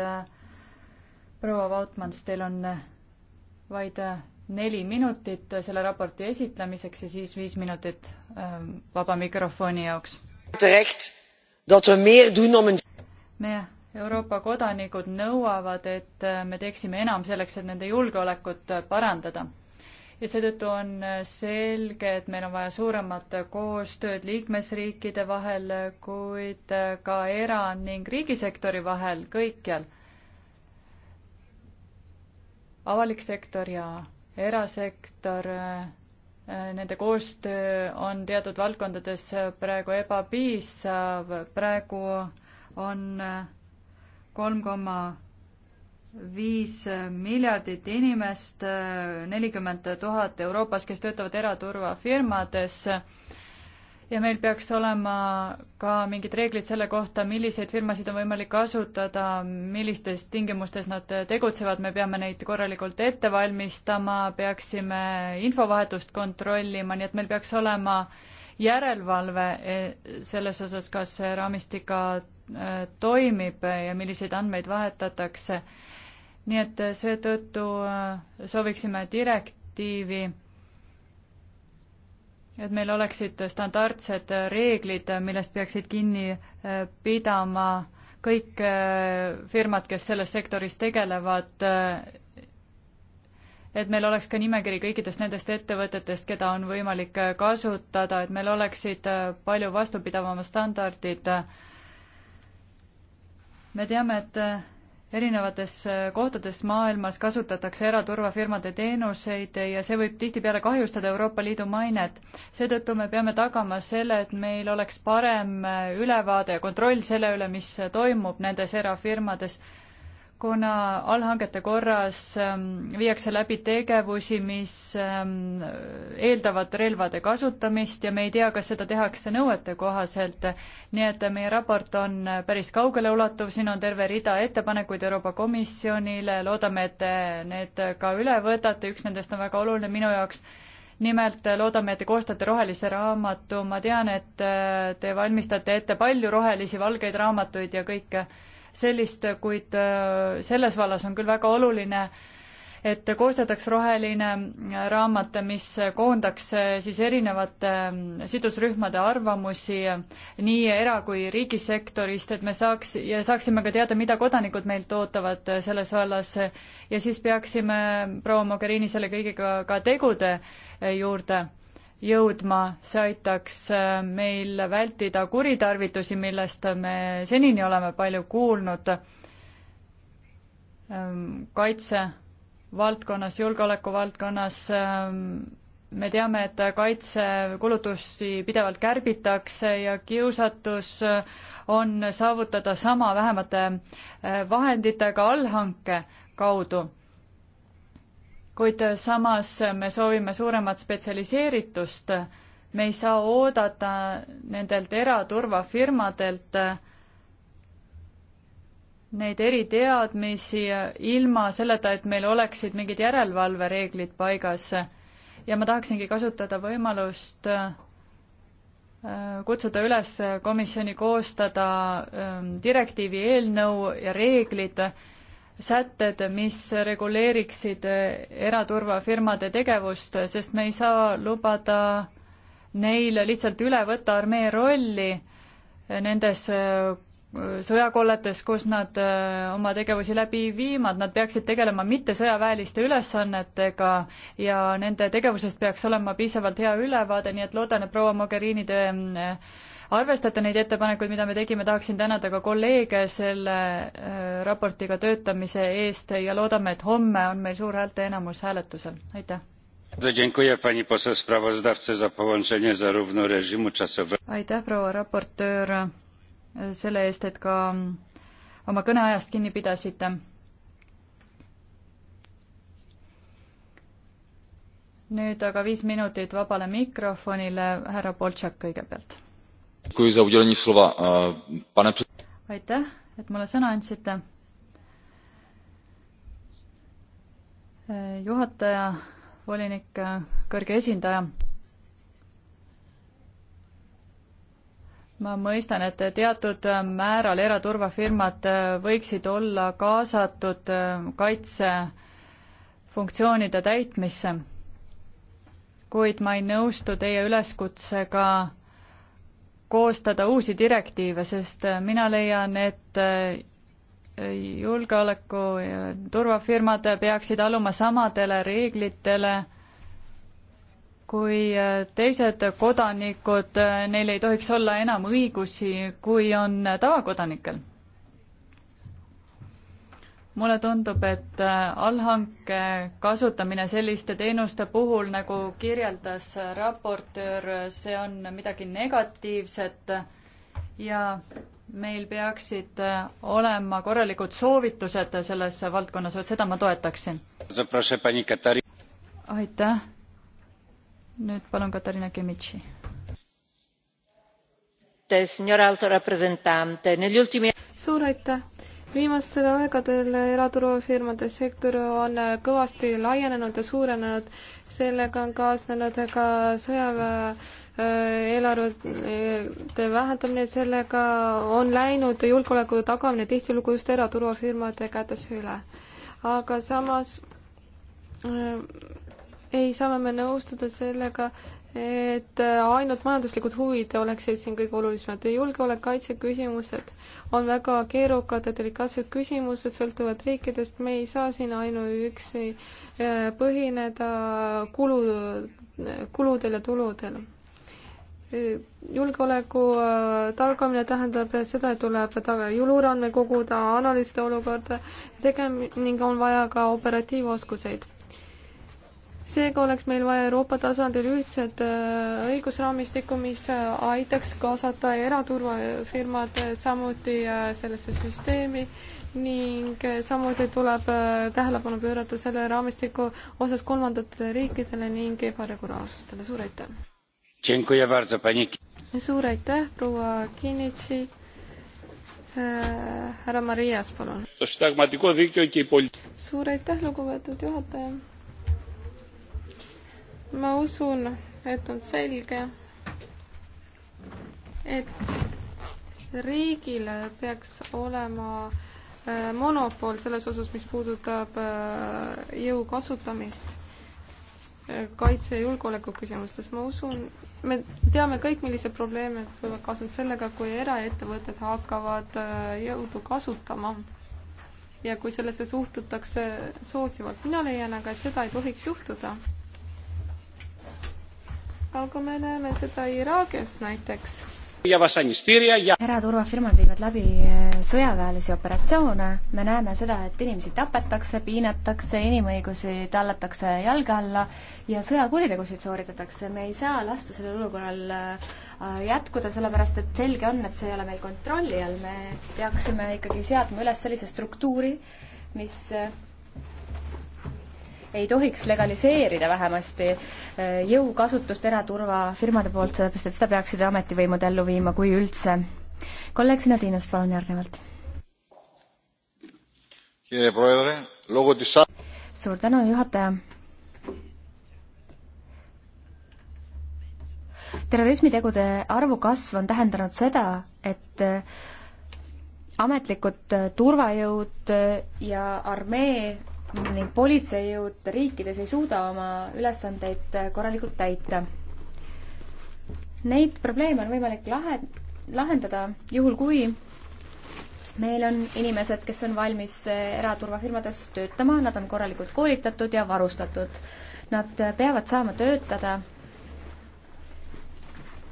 Äh, proua Vautmans, teil on äh, vaid äh, neli minutit selle raporti esitlemiseks ja siis viis minutit ähm, vaba mikrofoni jaoks. me, Euroopa kodanikud nõuavad, et me teeksime enam selleks, et nende julgeolekut parandada ja seetõttu on selge, et meil on vaja suuremat koostööd liikmesriikide vahel, kuid ka era- ning riigisektori vahel kõikjal. avalik sektor ja erasektor, nende koostöö on teatud valdkondades praegu ebapiisav, praegu on kolm koma viis miljardit inimest, nelikümmend tuhat Euroopas, kes töötavad eraturvafirmades ja meil peaks olema ka mingid reeglid selle kohta, milliseid firmasid on võimalik kasutada, millistes tingimustes nad tegutsevad, me peame neid korralikult ette valmistama, peaksime infovahetust kontrollima, nii et meil peaks olema järelevalve e, selles osas, kas see raamistik ka e, toimib ja milliseid andmeid vahetatakse nii et seetõttu äh, sooviksime direktiivi, et meil oleksid standardsed reeglid, millest peaksid kinni äh, pidama kõik äh, firmad, kes selles sektoris tegelevad, et meil oleks ka nimekiri kõikidest nendest ettevõtetest, keda on võimalik kasutada, et meil oleksid palju vastupidavamad standardid. me teame, et erinevates äh, kohtades maailmas kasutatakse ära turvafirmade teenuseid ja see võib tihtipeale kahjustada Euroopa Liidu mainet. seetõttu me peame tagama selle, et meil oleks parem äh, ülevaade ja kontroll selle üle, mis toimub nendes erafirmades kuna allhangete korras ähm, viiakse läbi tegevusi, mis ähm, eeldavad relvade kasutamist ja me ei tea, kas seda tehakse nõuete kohaselt. nii et meie raport on päris kaugeleulatuv, siin on terve rida ettepanekuid Euroopa Komisjonile, loodame, et te need ka üle võtate, üks nendest on väga oluline minu jaoks nimelt loodame, et te koostate rohelise raamatu, ma tean, et äh, te valmistate ette palju rohelisi, valgeid raamatuid ja kõike sellist, kuid äh, selles vallas on küll väga oluline, et koostataks roheline äh, raamat, mis koondaks äh, siis erinevate sidusrühmade arvamusi nii era- kui riigisektorist, et me saaks ja saaksime ka teada, mida kodanikud meilt ootavad selles vallas ja siis peaksime proua Mogherini selle kõigega ka tegude juurde jõudma, see aitaks äh, meil vältida kuritarvitusi, millest me senini oleme palju kuulnud ähm, kaitsevaldkonnas, julgeoleku valdkonnas. Ähm, me teame, et kaitsekulutusi pidevalt kärbitakse ja kiusatus äh, on saavutada sama vähemate äh, vahenditega allhanke kaudu kuid samas me soovime suuremat spetsialiseeritust. me ei saa oodata nendelt eraturvafirmadelt neid eriteadmisi ilma selleta, et meil oleksid mingid järelevalvereeglid paigas. ja ma tahaksingi kasutada võimalust äh, kutsuda üles komisjoni koostada äh, direktiivi eelnõu ja reeglid, sätted, mis reguleeriksid eraturvafirmade tegevust, sest me ei saa lubada neil lihtsalt üle võtta armee rolli nendes äh, sõjakolletes, kus nad äh, oma tegevusi läbi viimad, nad peaksid tegelema mittesõjaväeliste ülesannetega ja nende tegevusest peaks olema piisavalt hea ülevaade, nii et loodan, et proua Mogherini te äh, arvestate neid ettepanekuid, mida me tegime, tahaksin tänada ka kolleege selle äh, raportiga töötamise eest ja loodame, et homme on meil suur häälteenamus hääletusel, aitäh! aitäh, proua raportöör, selle eest, et ka mm, oma kõneajast kinni pidasite nüüd aga viis minutit vabale mikrofonile, härra Boltšak kõigepealt Eh, aitäh, et mulle sõna andsite. Eh, juhataja, volinik, eh, kõrge esindaja. ma mõistan, et teatud määral eraturvafirmad võiksid olla kaasatud kaitsefunktsioonide täitmisse, kuid ma ei nõustu teie üleskutsega koostada uusi direktiive, sest äh, mina leian, et äh, julgeoleku ja turvafirmad peaksid alluma samadele reeglitele kui äh, teised kodanikud, neil ei tohiks olla enam õigusi, kui on tavakodanikel mulle tundub, et äh, allhanke kasutamine selliste teenuste puhul, nagu kirjeldas äh, raportöör, äh, see on midagi negatiivset ja meil peaksid olema korralikud soovitused selles valdkonnas, vot seda ma toetaksin. aitäh. nüüd palun Katariina Kimitši. suur aitäh viimastel aegadel eraturufirmade sektor on kõvasti laienenud ja suurenenud, sellega on kaasnenud ka sõjaväe äh, eelarvete vähendamine, sellega on läinud julgeoleku tagamine tihtilugu just eraturufirmade kätes üle. aga samas äh, ei saa me nõustuda sellega, et äh, ainult majanduslikud huvid oleksid siin kõige olulisemad. julgeolek, kaitseküsimused on väga keerukad ja delikaatsed küsimused, sõltuvad riikidest, me ei saa siin ainuüksi äh, põhineda kulu, kuludel ja tuludel äh, julgeoleku tagamine tähendab seda, et tuleb luureandmeid koguda, analüüsida olukorda tegem- ning on vaja ka operatiivoskuseid seega oleks meil vaja Euroopa tasandil ühtset äh, õigusraamistikku, mis äh, aitaks kaasata eraturvafirmad äh, samuti sellesse süsteemi ning samuti tuleb tähelepanu pöörata selle raamistiku osas kolmandatele riikidele ning ebaregulaarsustele. suur aitäh! suur aitäh, proua Kinnitši! härra Marias, palun! suur aitäh, lugupeetud juhataja! ma usun, et on selge, et riigil peaks olema äh, monopol selles osas, mis puudutab äh, jõu kasutamist äh, kaitse- ja julgeoleku küsimustes. ma usun, me teame kõik, millised probleemid võivad kaasneda sellega, kui eraettevõtted hakkavad jõudu kasutama ja kui sellesse suhtutakse soosivalt. mina leian aga, et seda ei tohiks juhtuda aga me näeme seda Iraagias näiteks. eraturvafirmad viivad läbi eh, sõjaväelisi operatsioone, me näeme seda, et inimesi tapetakse, piinatakse, inimõigusi tallatakse jalge alla ja sõjakuritegusid sooritatakse, me ei saa lasta sellel olukorral eh, jätkuda, sellepärast et selge on, et see ei ole meil kontrolli all, me peaksime ikkagi seadma üles sellise struktuuri, mis eh, ei tohiks legaliseerida vähemasti äh, jõukasutust eraturvafirmade poolt, sellepärast et seda peaksid ametivõimud ellu viima, kui üldse. kolleeg Sinadinos, palun järgnevalt. suur tänu, juhataja. terrorismitegude arvu kasv on tähendanud seda, et äh, ametlikud äh, turvajõud ja armee ning politseijõud riikides ei suuda oma ülesandeid korralikult täita. Neid probleeme on võimalik lahe, lahendada juhul, kui meil on inimesed, kes on valmis eraturvafirmades töötama, nad on korralikult koolitatud ja varustatud. Nad peavad saama töötada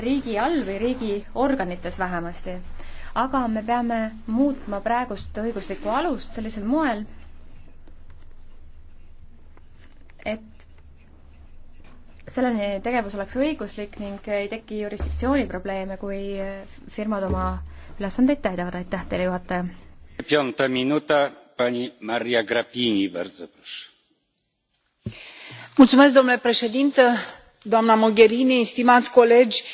riigi all või riigiorganites vähemasti. aga me peame muutma praegust õiguslikku alust sellisel moel, et selline tegevus oleks õiguslik ning ei teki jurisdiktsiooni probleeme, kui firmad oma ülesandeid täidavad, aitäh teile, juhataja. domnule președinte doamnă mogherini stimați colegi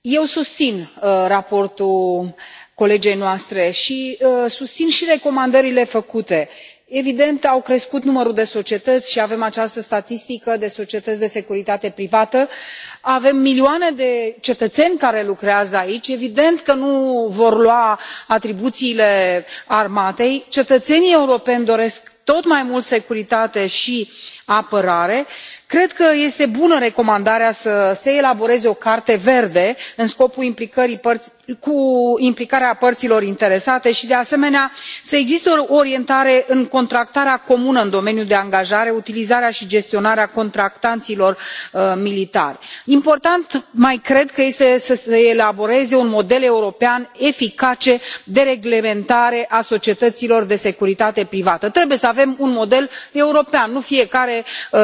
eu susțin uh, raportul colegei noastre și uh, susțin și recomandările făcute evident a crescut numărul de societăți și avem această statistică de societăți de securitate privată avem milioane de cetățeni care lucrează aici evident că nu vor lua atribuțiile armatei cetățenii europeni doresc tot mai mult securitate și apărare cred că este bună recomandarea să se elaboreze o carte verde în scopul implicării cu implicarea părților interesate și de asemenea să existe o orientare în contractarea comună în domeniul de angajare utilizarea și gestionarea contractanților uh, militari. important mai cred că este să se elaboreze un model european eficace de reglementare a societăților de securitate privată. trebuie să avem un model european nu fiecare uh,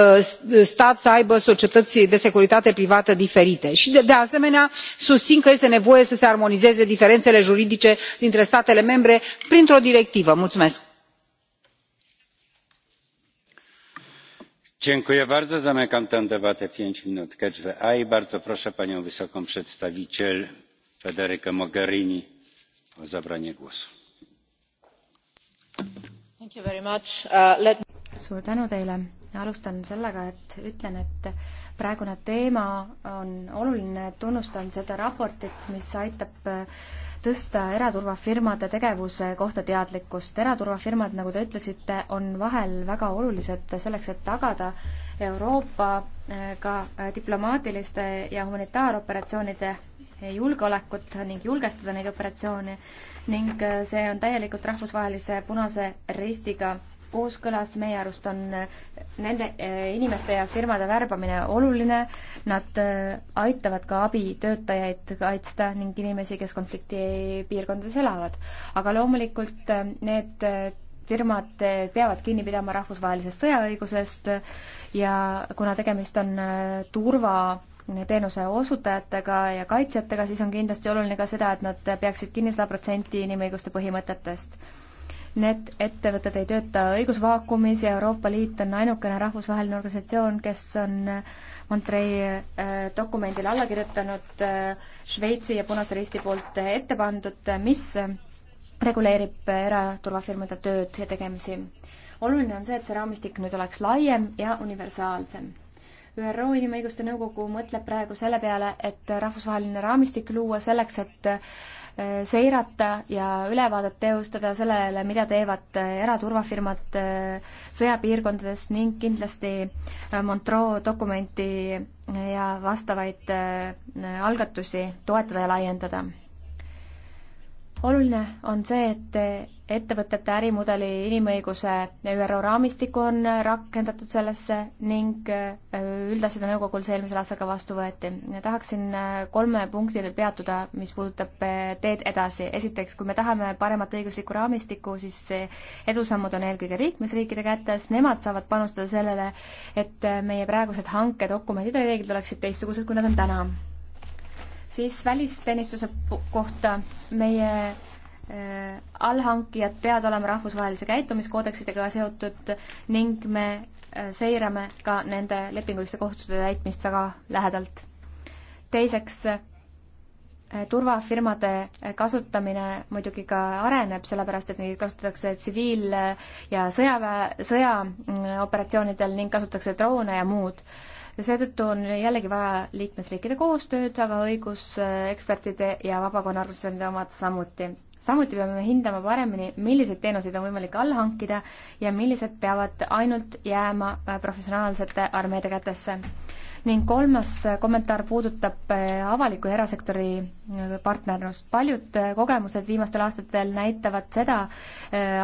stat să aibă societăți de securitate privată diferite și de asemenea susțin că este nevoie să se armonizeze armonizeze diferențele juridice dintre statele membre printr o directivă. mulțumesc. zamykam tę debatę i bardzo proszę panią wysoką przedstawiciel federicę mogherini o zabranie głosu. Uh, suur tänu teile! alustan sellega, et ütlen, et praegune teema on oluline, tunnustan seda raportit, mis aitab tõsta eraturvafirmade tegevuse kohta teadlikkust. eraturvafirmad, nagu te ütlesite, on vahel väga olulised selleks, et tagada Euroopaga eh, eh, diplomaatiliste ja humanitaaroperatsioonide julgeolekut ning julgestada neid operatsioone ning eh, see on täielikult rahvusvahelise Punase Ristiga kooskõlas, meie arust on äh, nende äh, inimeste ja firmade värbamine oluline, nad äh, aitavad ka abitöötajaid kaitsta ning inimesi, kes konflikti piirkondades elavad. aga loomulikult need firmad peavad kinni pidama rahvusvahelisest sõjaõigusest ja kuna tegemist on turva teenuse osutajatega ja kaitsjatega, siis on kindlasti oluline ka seda, et nad peaksid kinni sada protsenti inimõiguste põhimõtetest Need ettevõtted ei tööta õigusvaakumis ja Euroopa Liit on ainukene rahvusvaheline organisatsioon, kes on Montrei äh, dokumendile alla kirjutanud äh, Šveitsi ja Punase Risti poolt ette pandud, äh, mis reguleerib eraturvafirmade tööd ja tegemisi. oluline on see, et see raamistik nüüd oleks laiem ja universaalsem ÜRO Inimõiguste Nõukogu mõtleb praegu selle peale, et rahvusvaheline raamistik luua selleks, et seirata ja ülevaadet teostada sellele, mida teevad eraturvafirmad äh, sõjapiirkondades ning kindlasti äh, Montreux dokumenti ja vastavaid äh, algatusi toetada ja laiendada oluline on see, et ettevõtete ärimudeli inimõiguse ÜRO raamistikku on rakendatud sellesse ning äh, üldasjade nõukogul see eelmisel aastal ka vastu võeti. tahaksin äh, kolme punktile peatuda, mis puudutab äh, teed edasi. esiteks, kui me tahame paremat õiguslikku raamistikku, siis edusammud on eelkõige liikmesriikide kätes, nemad saavad panustada sellele, et meie praegused hankedokumendid ja reeglid oleksid teistsugused, kui nad on täna siis välisteenistuse kohta meie äh, allhankijad peavad olema rahvusvahelise käitumiskoodeksidega seotud ning me äh, seirame ka nende lepinguliste kohustuste täitmist väga lähedalt. teiseks äh,, turvafirmade kasutamine muidugi ka areneb, sellepärast et neid kasutatakse tsiviil- ja sõjaväe, sõjaoperatsioonidel ning kasutatakse droone ja muud äh, ja seetõttu on jällegi vaja liikmesriikide koostööd, aga õigusekspertide ja vabakonna arvutusende omad samuti. samuti peame hindama paremini, milliseid teenuseid on võimalik alla hankida ja millised peavad ainult jääma äh, professionaalsete armeede kätesse ning kolmas äh, kommentaar puudutab äh, avaliku ja erasektori partnerlust. paljud kogemused viimastel aastatel näitavad seda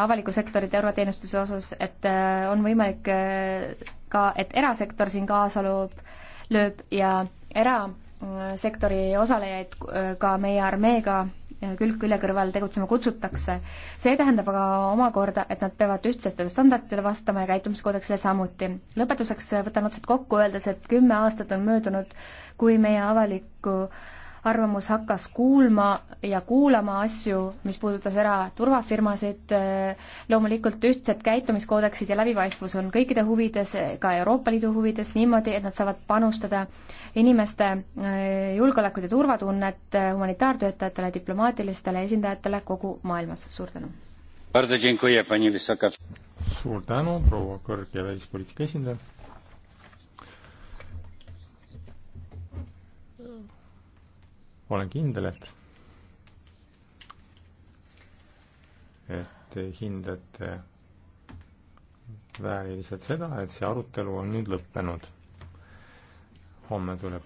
avaliku sektori terveteenistuse osas, et on võimalik ka, et erasektor siin kaasa loob, lööb ja erasektori osalejaid äh, ka meie armeega äh, külg külje kõrval tegutsema kutsutakse. see tähendab aga omakorda, et nad peavad ühtsetele standarditele vastama ja käitumiskoodeksile samuti. lõpetuseks võtan otsad kokku, öeldes, et kümme aastat on möödunud, kui meie avalikku äh, arvamus hakkas kuulma ja kuulama asju, mis puudutas ära turvafirmasid, loomulikult ühtsed käitumiskoodeksid ja läbipaistvus on kõikide huvides, ka Euroopa Liidu huvides, niimoodi, et nad saavad panustada inimeste äh, julgeolekut ja turvatunnet äh, humanitaartöötajatele, diplomaatilistele esindajatele kogu maailmas, suur tänu! suur tänu, proua kõrge välispoliitika esindaja! olen kindel, et et hindate vääriliselt seda, et see arutelu on nüüd lõppenud. homme tuleb